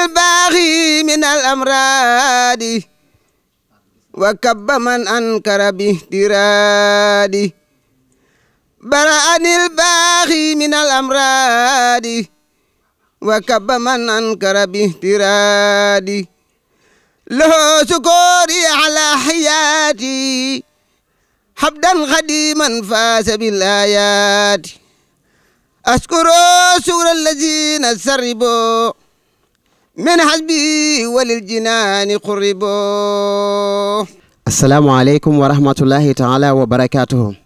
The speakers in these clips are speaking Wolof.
الباغي من الأمراض وكب من أنكر باهتراد برأني الباغي من الأمراض وكب من أنكر باهتراد له سكوري على حياتي حبدا قديما فاز بالآيات أشكر شكر الذين سربوا min hasbi walil jinaani qurribo asalaamaaleykum wa rahmatullahi taala wa barakaatuhu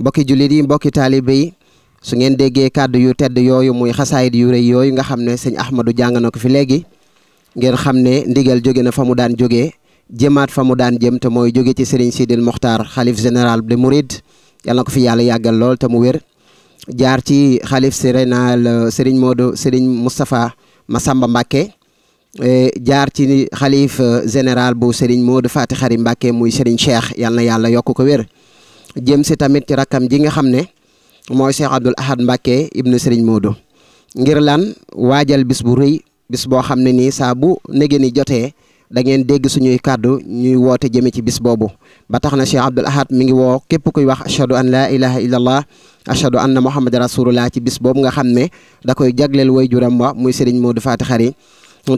mbokki jullit yi mbokki taalibe yi su ngeen déggee kàddu yu tedd yooyu muy xasaayit yu rëy yooyu nga xam ne sëñ Ahmadou jàng na ko fi léegi ngeen xam ne ndigal jóge na fa mu daan jógee jëmaat fa mu daan jëm te mooy jóge ci Serigne Sidil Mokhtar xalif général de Mouride yal na ko fi yàlla yàggal lool te mu wér jaar ci xalif sérénal euh, Serigne Modou Serigne Moustapha Massamba Mbacké Eh, jaar ci xalif eh, général bu Serigne Modou Faty Khary Mbacké muy Serigne Cheikh yal na yàlla yokk ko wér si tamit ci rakkam ji nga xam ne mooy Cheikh Abdoul Ahad Mbacké ibnu Serigne Modou ngir lan waajal bis bu rëy bis boo xam ne nii saa bu nege ni jotee da ngeen dégg suñuy kaddu ñuy woote jëme ci bis boobu ba tax na Cheikh Abdoul Ahad mi woo képp kuy wax ashhadu an laa ilaha illallah ashhadu anna muhammad rasulullah ci bis boobu nga xam ne da koy jagleel way juram wa muy Serigne Modou Faty Khary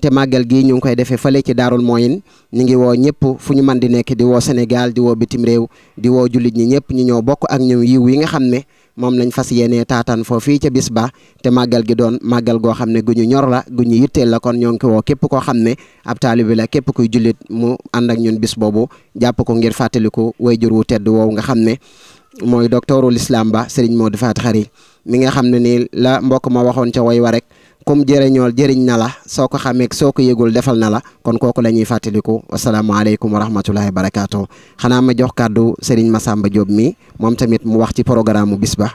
te màggal gi ñu ngi koy defee fa ci daarul mooyin ñu ngi woo ñëpp fu ñu mën di nekk di woo Sénégal di woo bitim réew di woo jullit ñi ñëpp ñu ñëw bokk ak ñoom yiw yi nga xam ne moom lañ fas yéenee taataan foo fii ca bis ba te màggal gi doon màggal goo xam ne gu ñu ñor la gu ñu yitteel la kon ñoo ngi ko woo képp koo xam ne ab taalibi la képp kuy jullit mu ànd ak ñun bis boobu jàpp ko ngir fàttaliku wayjur wu tedd woowu nga xam ne mooy docteurul lislam ba Serigne Modou Faty Khary mi nga xam ne nii la mbokk ma waxoon ca way wa kum jëriñool jëriñ na la soo ko xamee soo ko yëgul defal na la kon kooku la ñuy fàttaliku wasalaamaaleykum wa rahmatullahi wa barakaatu xanaa ma jox kàddu ma sàmba Diop mi moom tamit mu wax ci programme mu bis ba.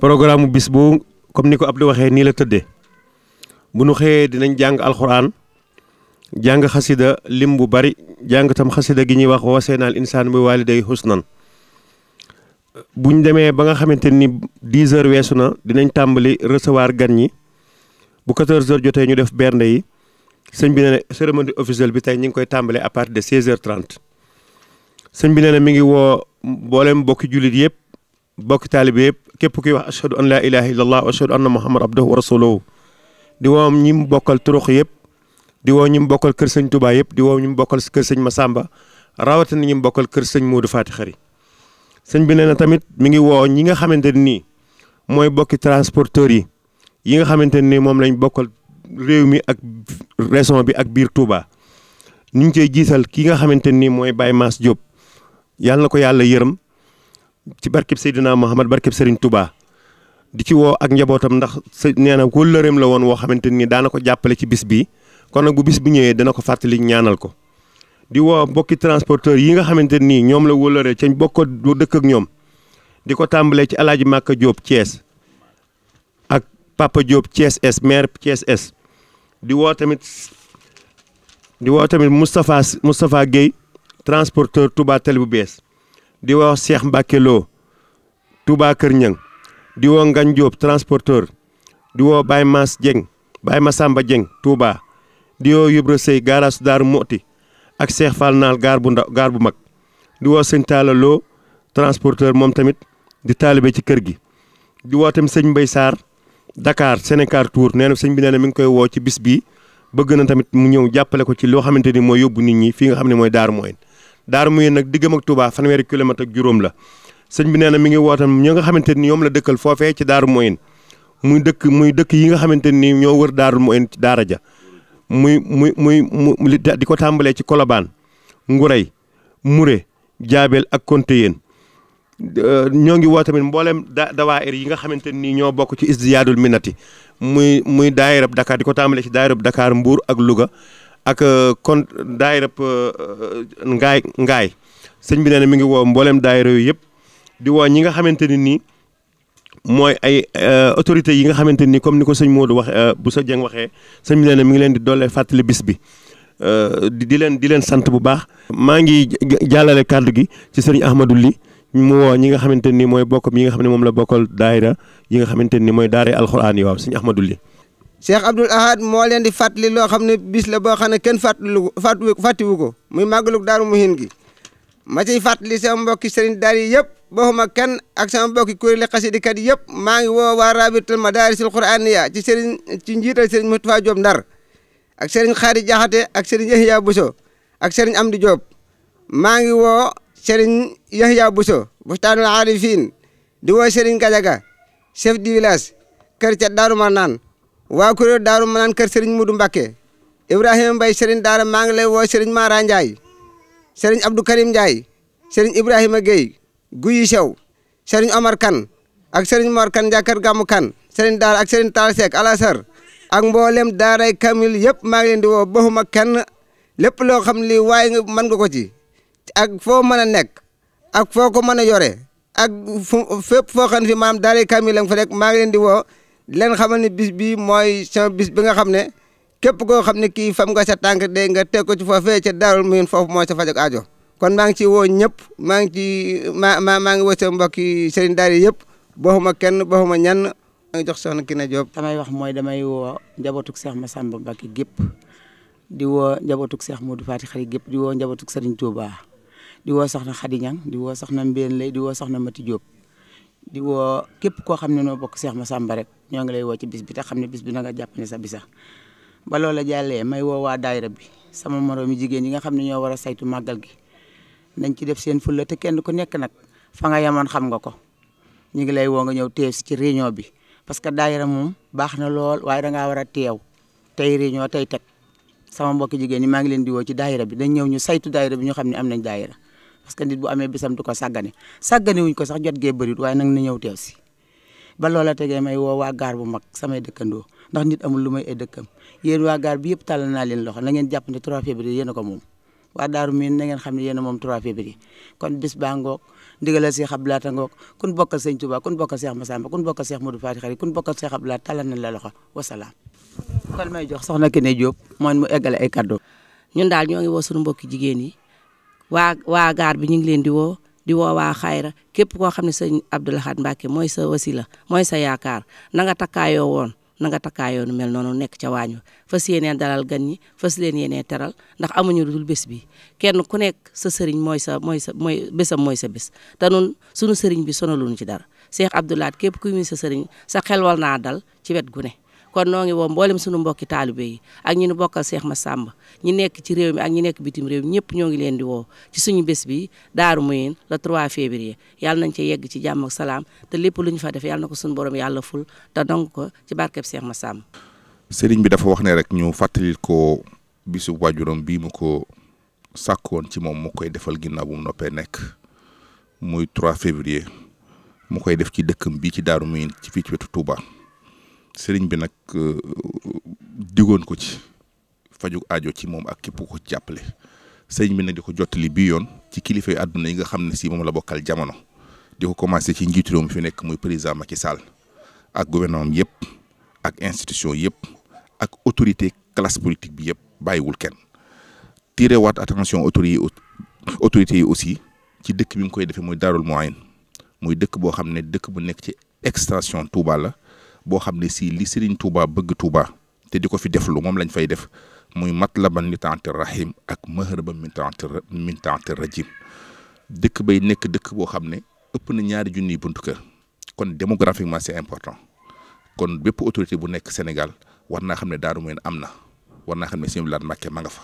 programme mu bis bu comme ni ko ab Abdou waxee nii la tëddee bu nu xëyee dinañ jàng alxuraan jàng xasida lim bu bari jàng tam xasida gi ñuy wax wasenaal insaan bi waaliday husnan buñ demee ba nga xamante ni 10 heures weesu na dinañ tàmbali recevoir gan ñi. bu 14h jotee ñu def bernde yi sëñ bi nee na cérémonie officielle bi tey ñu ngi koy tàmbalee à partir de 16h30 sëñ bi nee na mi ngi woo mboolem bokki jullit yëpp bokki taalibe yëpp képp kuy wax ashhadu an laa ilaha illallah wa ashhadu anna muhammad abduhu wa rasuluhu di woo ñi mu bokkal turux yëpp di woo ñi mu bokkal kër sëñ Touba yëpp di woo ñi mu bokkal kër sëñ Massamba rawatina ñi mu bokkal kër sëñ Modou Fati Xari sëñ bi nee tamit mi ngi woo ñi nga xamante ni mooy bokki transporteurs yi yi nga xamante nii moom lañu bokkal réew mi ak raison bi ak biir Touba ñu ngi cey jiital ki nga xamante nii mooy Baye Mass Diop yàlla na ko yàlla yërëm ci barkeb Seydina Mohamed barkeb Serigne Touba di ci woo ak njabootam ndax së nee na ko lëreem la woon woo xamante ni daana ko jàppale ci bis bi kon nag bu bis bi ñëwee dana ko fàttali ñaanal ko di woo mbokki transporteur yi nga xamante nii ñoom la wólëree ca bokk dëkk ak ñoom di ko tàmbalee ci alaaji Màkka Diop Thiès Papa job css S css di wo tamit di wo tamit Moustapha Moustapha gay transporteur Touba Tali bu bees di wo Cheikh mbake Lo Touba keur Ñang di wo ngagn job transporteur di wo Baye Mass jeng Baye Massamba jeng Touba di wo yubre Sey garas dar Moti ak Cheikh falnal gar bu ndaw gar bu mak di wo seigne tala Lo transporteur mom tamit di talibé ci keur gi di wo tam seigne Mbaye sar Dakar Sénégal Tour nee na sëñ bi nee mi ngi koy woo ci bis bi bëgg na tamit mu ñëw jàppale ko ci loo xamante ni mooy yóbbu nit ñi fii nga xam ne mooy Darou Mouhine Darou Mouhine nag diggam ak Touba fanweeri kilomètre juróom la sëñ bi nee na mi ngi wootam ñi nga xamante ni ñoom la dëkkal foofee ci Darou Mouhine muy dëkk muy dëkk yi nga xamante ni ñoo wër Darou Mouhine daara ja muy muy muy mu di ko tàmbalee ci Colobane Ngurey Mure Jaabel ak Kontéyeen Euh, ñoo ngi woo tamit mbooleem da dawaayir yi nga xamante ni ñoo bokk ci isdiyaadul minati muy muy daayirab Dakar di ko tàmbalee ci daayirab dakaar Mbuur ak Louga ak euh, kon daayirab euh, Ngaay Ngaay sëñ bi nee mi ngi woo mbooleem daayira yooyu yëpp di woo ñi nga xamante ni nii mooy ay autorités yi nga xamante ni comme ni ko sëñ Modou wax bu sa jëng waxee sëñ bi nee mi ngi leen di doole fàttali bis bi di leen di leen sant bu baax maa ngi jàllale kàddu gi ci sëriñ Ahmadou Ly mu woo ñi nga xamante ni mooy bokk yi nga daayira yi nga xamante ni mooy daara alxuraan yi waaw sëñ Ahmadou li Cheikh moo leen di fàttali loo xam ne bis la boo xam ne kenn fàttaliwu fàttiwu ko muy mag màggalug daaru muhin gi ma ciy fàttali sama mbokki sëriñ daar yi yëpp boxuma kenn ak sama mbokki kuréeli di yi yëpp maa ngi woo waa rabitul madaarisil quraaniya ci sëriñ ci njiital sëriñ Moustapha Diop Ndar ak sëriñ Xaari Jaxate ak sëriñ Yahya Bousso ak sëriñ Amdi Diop maa Serigne Yahya buso Bustanul Arifin di woo Serigne chef du village kër ca darumanan manan wa ko daru manan kër Serigne Mudu Mbakke ibrahim Mbaye Serigne Daara maa wo Serigne Mara ndjay Serigne Abdou Karim ndjay Serigne Ibrahim gey Guyi Sew Serigne Omar Kan ak Serigne Mor Kan Jakar gam Kan Serigne dar ak Serigne Tall Alasar ak mbollem daray Kamil yep maa ngi leen di woo baxuma xam man nga ko ci ak foo mën a nekk ak foo ko mën a yore ak fu fépp foo xam ne fi maam daara kaamil la nga fa rek maa ngi leen di woo leen xamal ne bis bi mooy sama bi nga xam ne képp koo xam ne kii fam nga sa tànk de nga teg ko ci foofee ca Daarul Muhin foofu mooy sa fajog aajo kon maa ngi ci woo ñëpp maa ngi ci ma ma maa ngi woo sama mbokki sëriñ daara yëpp boxuma kenn boxuma ñenn maa ngi jox soxna Kine Diop samay wax mooy damay woo njabootug Seex Masamba Mbakke gépp di woo njabootug Seex Modou Fati Xari gépp di woo njabootug Sëriñ Tuubaa di wo soxna Khady diwasak di wo soxna mbien Lay di wo soxna Mati Diop di wo kep ko xamne no bok cheikh ma samba rek ñoo ngi lay wo ci bis bi ta xamne bis bi nga japp ne sa bisa ba loola jalle may wo wa daayira bi sama yi jigen yi nga xamne ño wara saytu magal gi nañ ci def seen fulle te kenn ku nek nak fa nga yemoon xam nga ko ñi ngi lay wo nga ñew teew ci réunion bi parce que daayira mom baxna lool waaye dangaa war teew tay réunion tay tek sama mbokk jigen yi ma ngi len di wo ci daayira bi dañ ñew ñu saytu bi ñu xamne am nañ parce que nit bu amé bisam du ko sàggane sàggane wuñ ko sax jot gee bërit way nak na ñew teew si ba loola tegee may wo wa gar bu mag samay dekkando ndax nit amul lu may ay dëkkam yéen waa gaar bi yëpp tàllal naa leen loxo na ngeen japp ni 3 février yeen ko mom wa daru min na ngeen xamni yeen mom 3 février kon bis ba ngok ndigalal Cheikh Abdou ngok kun bokal seigne Touba kun bokal Cheikh Massamba kun bokal Cheikh Modou fatih Xari kun bokal Cheikh Abdou Lahat la loxo wa salam kon may jox soxna Kine Diop moñ mu eggale ay cadeau ñun daal ñoo ngi woo suñu mbokk jigéen yi waa waa gaar bi ñu ngi leen di woo di woo waa xayra képp koo xam ne sëñ Abdou Lahad Mbacké mooy sa wasila mooy sa yaakaar na nga takkaayoo woon na nga takkaayoo nu mel noonu nekk ca waañ wa fas yéenee dalal gan ñi fas leen yéenee teral ndax amuñu dul bés bi kenn ku nekk sa sëriñ mooy sa mooy sa mooy bésam mooy sa bés te nun sunu sëriñ bi sonaluñu ci dara Cheikh Abdou Lahad képp kuy muy sa sëriñ sa xel wal naa dal ci wet gu ne kon noo ngi woo mboolem sunu mbokki taalibe yi ak ñu nu bokkal Seex Masamba ñi nekk ci réew mi ak ñi nekk bitim réew mi ñëpp ñoo ngi leen di woo ci suñu bés bi Daaru Moyen le 3 février yàlla nañ ca yegg ci jàmm salaam te lépp lu fa def yàlla na ko suñu borom yàlla ful te dong ci barkeb Seex Masamba sëriñ bi dafa wax ne rek ñu fàttalil ko bisu waajuram bii mu ko sàkkoon ci moom mu koy defal ginnaaw bu noppee nekk muy 3 février mu koy def ci dëkkam bi ci Daaru Moyen ci fii ci wetu Touba serigne bi nak euh, digone ko ci faju aajo ci mom ak képp ko jàppale serigne bi nak diko jotali bi yoon ci kilifa yu àdduna yi nga xamné si mom la bokal jamono diko ko commencé ci njiitu réew fi nek muy président Macky Sall ak gouvernement yépp ak institution yépp ak autorité classe politique bi yépp bayiwul kenn tiré wat attention autorité yi aussi ci dëkk bi mu koy défé moy Darul Mouhine muy dëkk bo xamné dëkk bu nek ci extension Touba la. boo xam ne si li Serigne Touba bëgg Touba te di ko fi def lu moom lañ fay def muy matlaban li taatir rahim ak mahraban min taatir min taatir rajim dëkk bay nekk dëkk boo xam ne ëpp na ñaari junniy buntu kër kon démographiquement c'est important kon bépp autorité bu nekk Sénégal war naa xam ne Daaru Muxti am na war naa xam ne Sëñ Laat Mbàkke ma nga fa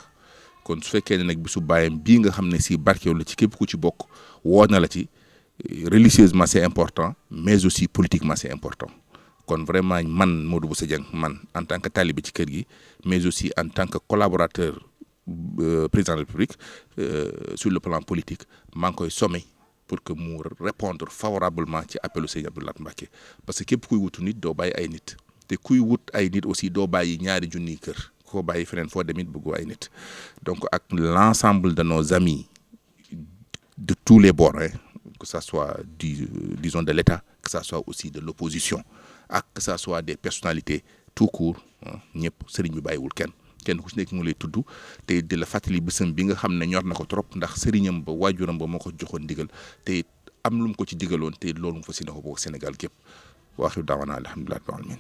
kon su fekkee ne nag bisu bàyyam bii nga xam ne si barkeelu la ci képp ku ci bokk woo na la ci religieusement c'est important mais aussi politiquement c'est important qu'on vraiment man Modou Bousso man en tant que talibé ci kër gi mais aussi en tant que collaborateur euh, président de la République euh, sur le plan politique maa ngi koy sommer pour que nous répondre favorablement à l'appel au Seigneur. Abdoulat Mbacké parce que képp kuy wutu nit doo bàyyi ay nit te kuy wut ay nit aussi doo bàyyi ñaari junniy kër ko des gens qui demit bëggoo ay nit donc avec l'ensemble de nos amis de tous les bords hein, que ce soit du, euh, disons de l'État, que ce soit aussi de l'opposition, ak que ce soit des personnalités tout court hein, ñëpp sëriñ bi bayiwul kenn kenn ku ci nek mo lay tudd te di la fatali bëssëm bi nga xamné ñor na trop ndax sëriñam ba wajuram ba moko ko digël ndigal te am lu mu ko ci digëlon te loolu mu fas yéene ko bokk Sénégal gépp waaxiru Dawa na rabbil alamin